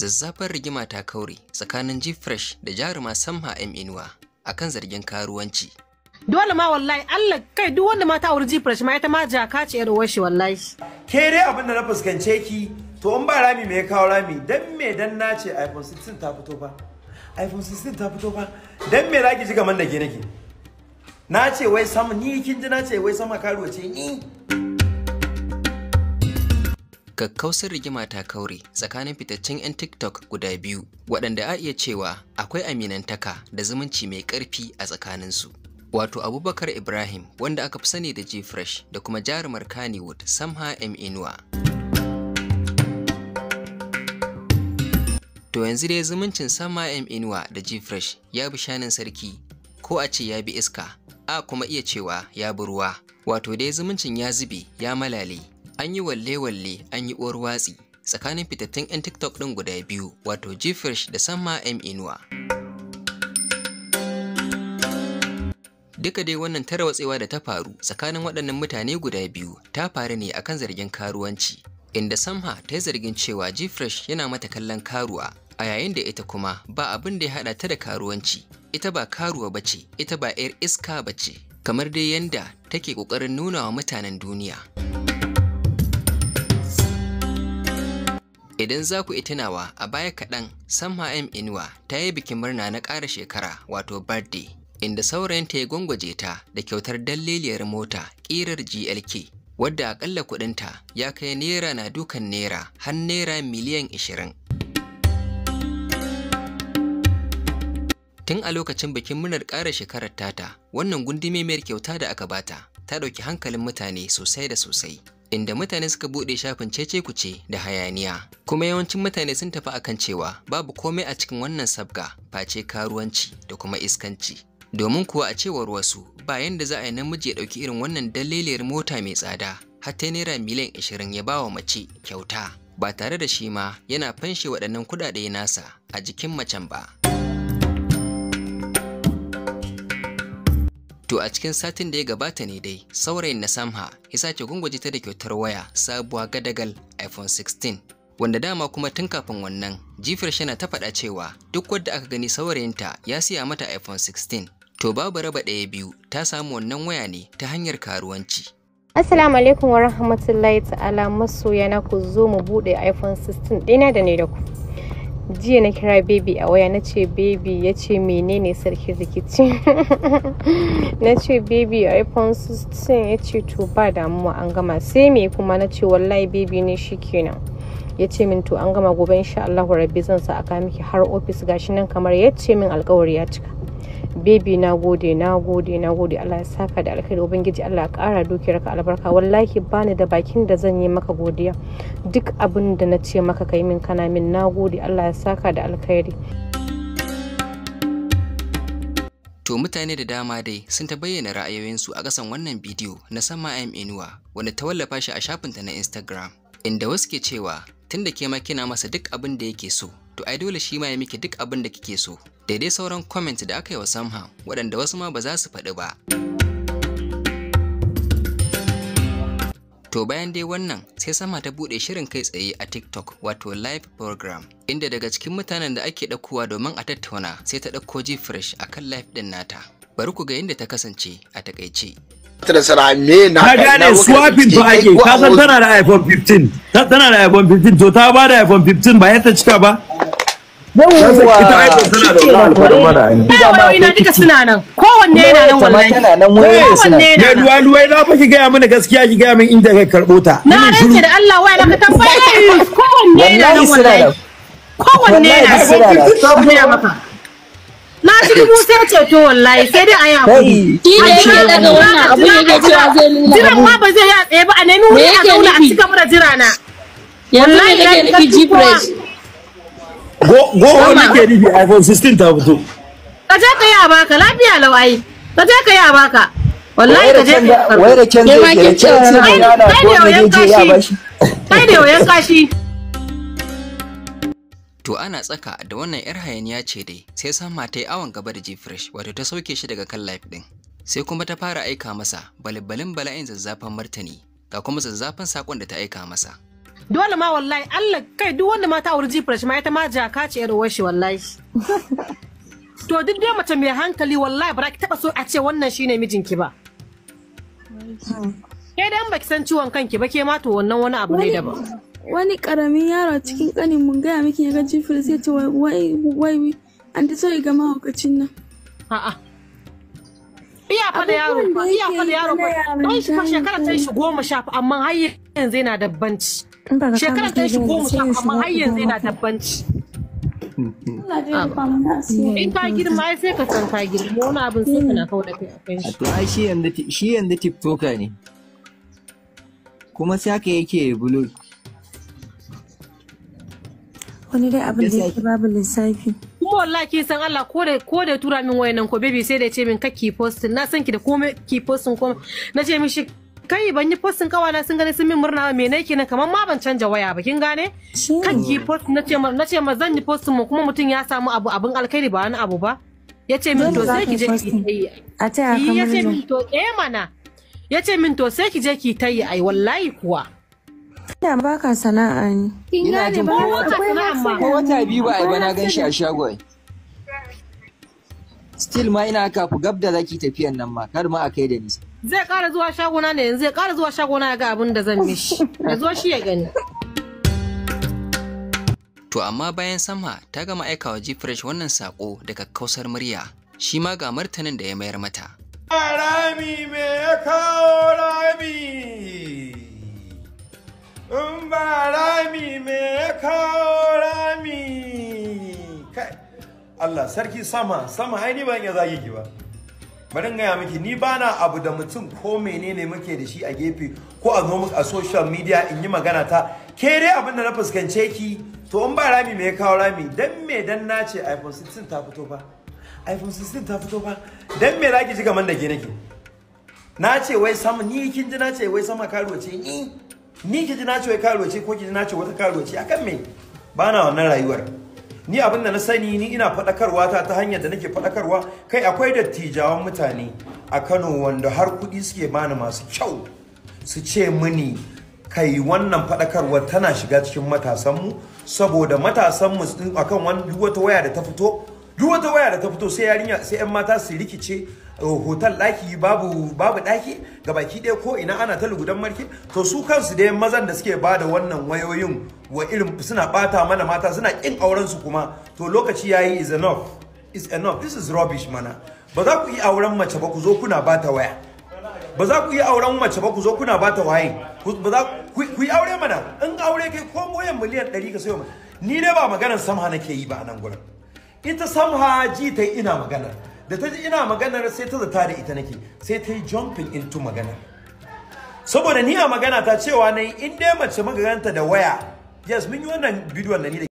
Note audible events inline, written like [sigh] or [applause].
zazzafar rigima ta kaure tsakanin fresh da jaruma Samha M Inuwa akan zargin karuwanci. Dole ma wallahi Allah kai duk wanda mata ta ji fresh ma ita ma jaka ce yar washi wallahi. Ke dai abin da na fuskance ki to in ba rami me ya kawo rami dan me dan na ce iPhone 16 ta fito fa. iPhone 16 ta fito fa dan me za ki ji gaman da ke nake. Na ce wai sama ni kin ji na ce wai sama karuwa ce ni. kakkausar rigima ta kaure tsakanin fitaccen 'yan tiktok guda biyu waɗanda a iya cewa akwai aminantaka da zumunci mai ƙarfi a tsakaninsu wato abubakar ibrahim wanda aka fi sani da g-fresh da kuma jarumar kannywood samha m inuwa to yanzu dai zumuncin samha m inuwa da g-fresh ya bi shanin sarki ko a ce ya bi iska a kuma iya cewa ya bi ruwa wato dai zumuncin ya zube ya malale An yi walle-walle an yi uwar watsi tsakanin fitattun 'yan TikTok ɗin guda biyu wato Gfresh da sama M Inuwa. Duka dai wannan tarwatsewa da ta faru tsakanin waɗannan mutane guda biyu ta faru ne akan zargin karuwanci, inda Samha ta yi zargin cewa Gfresh yana mata kallon karuwa, a yayin da ita kuma ba abin da ya haɗa ta da karuwanci, ita ba karuwa ba ce, ita ba 'yar iska ba ce, kamar dai yanda take ƙoƙarin nuna wa mutanen duniya. Idan za ku itinawa a baya kaɗan, Samha M Inuwa ta yi bikin murna na ƙara shekara wato birthday, inda saurayinta ya gwangwaje ta da kyautar dalliliyar mota ƙirar GLK, wadda aƙalla kuɗinta ya kai naira na dukan naira har naira miliyan 20. Tun a lokacin bikin murnar ƙara shekarar tata, wannan gundumemiyar kyauta da aka bata ta ɗauki hankalin mutane sosai da sosai. inda mutane suka bude shafin cece kuce da hayaniya kuma yawancin mutane sun tafi akan cewa babu komai a cikin wannan sabga face karuwanci da kuma iskanci domin kuwa a cewar wasu ba yanda za a yi namiji ya ɗauki irin wannan daliliyar mota mai tsada har ta naira miliyan 20 ya bawa mace kyauta ba tare da shi ma yana fanshe waɗannan kuɗaɗe nasa a jikin macen ba To a cikin satin da ya gabata ne dai, saurayin na Samha ya sake gungwaje ta da kyautar waya sabuwa gadagal iPhone 16. Wanda dama kuma tun kafin wannan, jifar shana ta faɗa cewa duk wadda aka gani saurayinta ya siya mata iPhone 16. To babu raba ɗaya biyu ta samu wannan waya ne ta hanyar karuwanci. Assalamu alaikum wa rahmatullahi ta'ala masoya na ku zo mu buɗe iPhone 16 ɗina da ne da ku. jiya na kira baby a waya na ce baby ya ce menene sarki rikici [laughs] na ce baby a iphone 16 ya ce to ba damuwa an gama sai me kuma na ce wallahi baby ne shikenan ya ce min to an gama gobe insha Allah rabbi zan sa aka miki har ofis gashi nan kamar ya ce min alkawari ya cika baby na gode na gode na gode Allah ya saka da alkhairi ubangiji Allah ya kara ka albarka wallahi bani da bakin da zan yi maka godiya duk abin da na ce maka kai min kana min na gode Allah ya saka da alkhairi To mutane da dama dai sun ta bayyana ra'ayoyinsu a kasan wannan bidiyo na sama am inuwa wanda ta wallafa shi a shafinta na Instagram inda wasu ke cewa tunda ke ma kina masa duk abin da yake so to ai dole shi ma ya miki duk abin da kike so daidai sauran comment da aka yi wa Samha waɗanda wasu ma ba za su faɗi ba. To bayan dai wannan sai sama ta buɗe shirin kai tsaye a TikTok wato live program inda daga cikin mutanen da ake ɗaukowa domin a tattauna sai ta ɗauko ji fresh a kan live ɗin nata. Bari ku ga inda ta kasance a takaice. ta gane swapping to ake ka tana da iPhone 15 tana da iPhone 15 to ta ba da iPhone 15 ba yadda cika ba yawwa ita ai ban sana da wannan duka suna nan kowanne yana nan wallahi tana nan wai suna na fa ki ga mana gaskiya ki gaya min inda kai karɓo ta na rike da Allah wai ka tambaya kowanne yana nan wallahi kowanne yana suna maka na shi dubu sai ceto wallahi sai dai a yi hakuri shi ne ya daga wannan abu yake cewa zai nuna jiran ma ba zai yi a tsaye ba a nemi wuri a zauna a cika mana jirana wallahi na kake nufi jibrish Go Goma nake nufi iPhone 16 ta fito. Ka je ka yi a baka lafiya lau Ka je ka yi a baka. Wallahi ka je ka yi a baka. Wai da kyan zai ke ce Kai ne wayan kashi. To ana tsaka da wannan 'yar hayaniya ce dai sai san matai awon gaba da G-Fresh wato ta sauke shi daga kan life din. Sai kuma ta fara aika masa balbalin bala'in zazzafan martani ga kuma zazzafan sakon da ta aika masa. dole ma wallahi Allah kai duk wanda mata ta auri jifresh ma ita ma jaka ce yar washi shi wallahi [laughs] to duk dai mace mai hankali wallahi ba za ki taba so a ce wannan shine mijinki ba kai dan baki san ciwon kanki ba ke ma to wannan wani abu ne daban wani karamin yaro cikin kanin mun gaya miki ya ga jifresh sai ce wai wai an ta so ya ga mahaukacin nan a'a iya fa da yaro iya fa da yaro ba don shi fa shekara ta shi goma sha amma har yanzu yana da banci shekara ta shi goma sha amma har yanzu yana tabbanci in ta girma ai sai ka san ta girma wani abin sai na kawo da kai a kan shi to ai shi yanzu shi yanzu tiktoker ne kuma sai haka yake bulu. wani dai abin da yake babu lissafi kuma wallahi kin san Allah ko da ko tura min wayannan ko baby sai da ce min ka ki posting na san ki da komai ki posting komai na ce mishi kai ban yi postin kawana sun gani sun min murna me ne kenan kamar ma ban canja waya ba kin gane kan yi post na ce na ce ma zan yi postin mu kuma mutum ya samu abu abin alkhairi ba wani abu ba yace min to sai ki je ki tayi a ta kamar yace min to eh mana yace min to sai ki je ki tayi ai wallahi kuwa Ina baka sana'a ne. Ina jin ba wata biyu ba ai ba na gan shi a shagon. still ma ina kafu gab da zaki tafiyan nan ma kar ma a kai da nisa zai ƙara zuwa shagona ne yanzu zai ƙara zuwa shagona ya ga abin da zan shi. ya zo shi ya gani To amma bayan sama ta gama aika wa Gfresh wannan sako daga kausar murya shi ma ga martanin da ya mayar mata. Rami me ya kawo rami? In rami me ya kawo rami? Allah sarki sama sama ai ni ban ya zage ki ba bari gaya miki ni bana abu da mutum ko menene muke da shi a gefe ko a zo a social media in yi magana ta ke dai abin da na fuskance ki to in ba rami me ya kawo rami dan me dan na ce iPhone 16 ta fito fa iPhone 16 ta fito fa dan me zaki ji kaman da ke nake na ce wai sama ni kin ji na ce wai sama karuwa ce ni ni ki ji na ce wai karuwa ce ko ki ji na ce wata karuwa ce akan me bana wannan rayuwar ni abin da na sani ni ina faɗakarwa ta ta hanyar da nake faɗakarwa kai akwai dattijawan mutane a kano wanda har kuɗi suke bani masu kyau su ce mini kai wannan faɗakarwar tana shiga cikin matasanmu saboda matasanmu akan wani wata waya da ta fito duk wata waya da ta fito sai yarinya sai 'yan mata su rikice hotel ɗaki babu babu ɗaki ga baki ɗaya ko ina ana ta lugudan marke to su kansu dai mazan da suke bada wannan wayoyin wa irin suna bata mana mata suna kin auren su kuma to lokaci yayi is enough is enough this is rubbish mana ba za ku yi auren mace ba ku zo kuna bata waya ba za ku yi auren mace ba ku zo kuna bata waye ba za ku yi aure mana in aure kai ko moyan miliyan 100 ka sayo mana ni ne ba maganar samha nake yi ba a nan gurin ita samha ji ta ina maganar da ta ji ina maganar sai ta zata da ita nake sai ta yi jumping into magana saboda ni a magana ta cewa na in dai mace magaganta da waya yes mun yi wannan bidiyon nan ni da